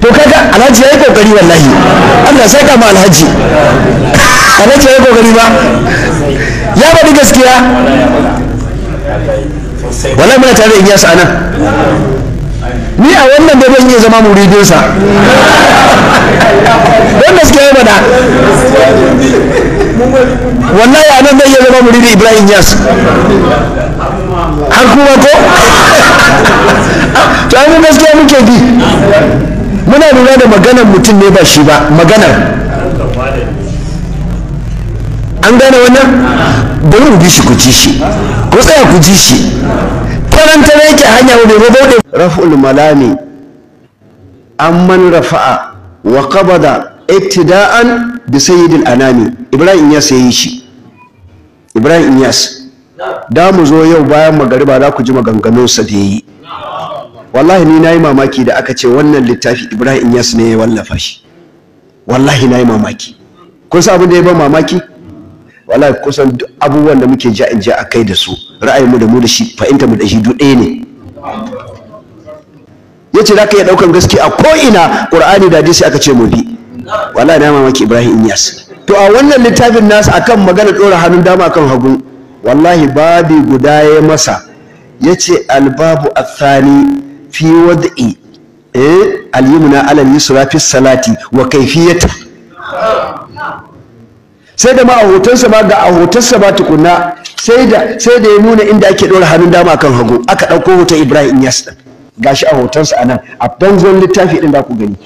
to kaga alhaji yayi kokari wallahi Allah sai ka ma alhaji alhaji yayi kokari ba ya bari gaskiya wallahi muna tare da yasa anan ni a wannan da ban iya zama sa don gaskiya ya bada wallahi a nan zai iya zama muridin ibrahim yas har kuma ko to an gaskiya muke bi muna lura da maganar mutum ne ba shi ba maganar an gane wannan bari mu bi shi ku ji shi ku tsaya ku ji shi karanta ne yake hanya ba bude raf'ul malami amman rafa'a wa qabada ittida'an bi sayyidil anami ibrahim ya sayi shi ibrahim sayi da mu zo yau bayan magariba za ku ji sa da yi wallahi ni na yi mamaki da aka ce wannan littafi ibrahim yas ne ya wallafa shi wallahi na yi mamaki kun san abin da ya ban mamaki wallahi kusan abubuwan da muke ja in ja a kai da su ra'ayinmu da mu da shi fahimta mu da shi duk ɗaya ne ya ce za ka iya ɗaukan gaske a ko'ina ƙur'ani da hadisi aka ce mu bi wallahi na yi mamaki ibrahim yas to a wannan littafin nasa akan magana ɗora hannun dama akan hagu wallahi babi guda ya masa ya ce albabu athani fi wad'i eh al-yumna ala yusra fi salati wa kayfiyata sai da ma a hotonsa ba ga a hotonsa ba tukunna sai da sai da ya nuna inda ake ɗora hannun dama kan hagu aka ɗauko hoton Ibrahim Yas din gashi a hotonsa anan a bangon littafi din da ku gani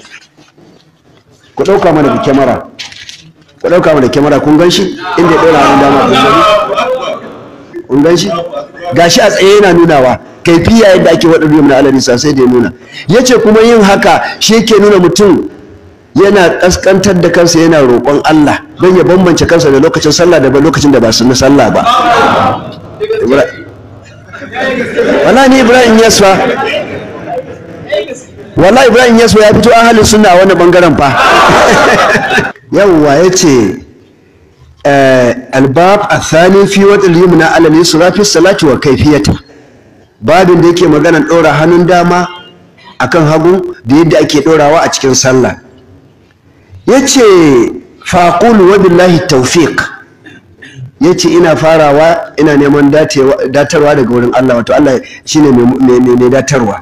ku ɗauka mana da kyamara ku ɗauka mana da kyamara kun gan shi inda ya ɗora hannun dama kan hagu in gan shi gashi a tsaye yana nunawa kaifiya yadda ake waɗa ruwa na alari sai da ya nuna ya ce kuma yin haka shi yake nuna mutum yana ƙasƙantar da kansa yana roƙon Allah don ya bambance kansa da lokacin sallah da lokacin da ba su na sallah ba wala ni ibrahim yaswa wala ibrahim yaswa ya fito ahalin sunna a wani bangaren fa yawwa ya ce Eh, albab a sani fi wata limuna alal yusra fi salati wa kaifiyata babin da yake magana ɗora hannun dama akan hagu da yadda ake ɗorawa a cikin sallah yace faqul wabillahi Taufik tawfiq yace ina farawa ina neman datarwa daga wurin Allah wato Allah shine mai datarwa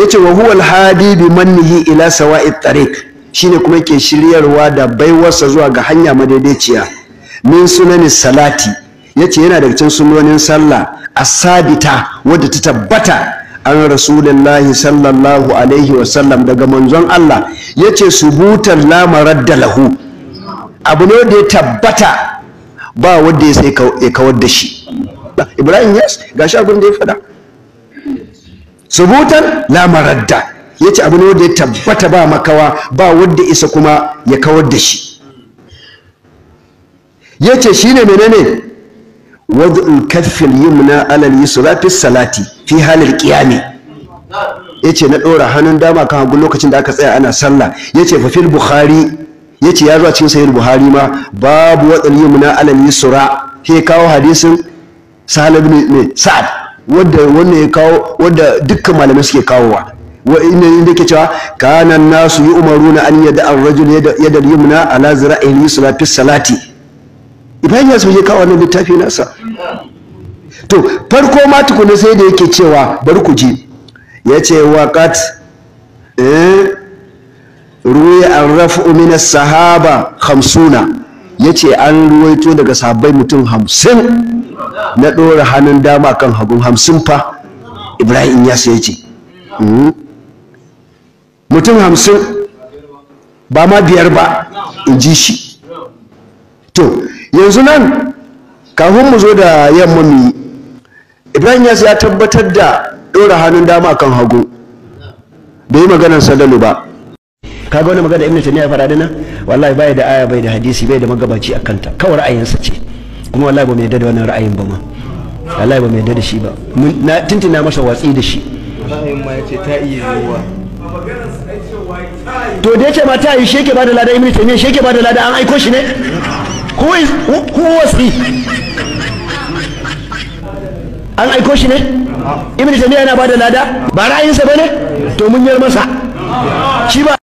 yace wa huwa al mannihi ila sawa'i tariq shine kuma yake shiryarwa da baiwarsa zuwa ga hanya madaidaiciya min sunani salati yace yana daga cikin sunonin sallah asabita wadda ta tabbata an rasulullahi sallallahu alaihi wasallam daga manzon Allah yace subutan la maradda lahu abu ne da ya tabbata ba wanda ya sai ya kawar da shi Ibrahim yes gashi abin da ya faɗa subutan la maradda yace ce abu ne wanda ya tabbata ba makawa ba wanda isa kuma ya kawar da shi yace ce shi ne menene wadu'in kaffil yumna alal yusra fi salati fi halil qiyami yace na ɗora hannun dama kan hagu lokacin da aka tsaya ana sallah yace fa fil bukhari yace ya zo cikin sahih Bukhari ma babu wadu'in yumna al yusra he kawo hadisin sahal ibn sa'ad wanda wannan ya kawo wanda dukkan malamai suke kawowa wa inna yin dake cewa kana nasu na an yada an rajul yada al-yumna ala zira'ihi yusra fi salati ibrahim ya soje kawo wannan littafi nasa to farko ma tukuna sai da yake cewa bari ku ji yace waqat eh ruwi an rafu min as-sahaba 50 yace an ruwaito daga sahabbai mutum 50 na dora hannun dama kan hagun 50 fa ibrahim ya sai yace hmm? mutum hamsin ba ma biyar ba in ji shi to yanzu nan kafin mu zo da yamma mu yi ibrahim yas ya tabbatar da ɗora hannun dama kan hagu bai yi maganar sadalu ba ga wani magana ibnu tuniya fara dana wallahi bai da aya bai da hadisi bai da magabaci a kanta kawai ra'ayinsa ce kuma wallahi ba mai yarda da wannan ra'ayin ba ma wallahi ba mai yarda da shi ba na tintina masa watsi da shi ra'ayin ma yace ta iya yiwuwa to da yake ta yi shi yake da lada ta ne shi yake da lada an aiko shi ne who was he an aiko shi ne ibnu ne yana ba da lada ba ra'ayinsa ne to mun yar masa shi ba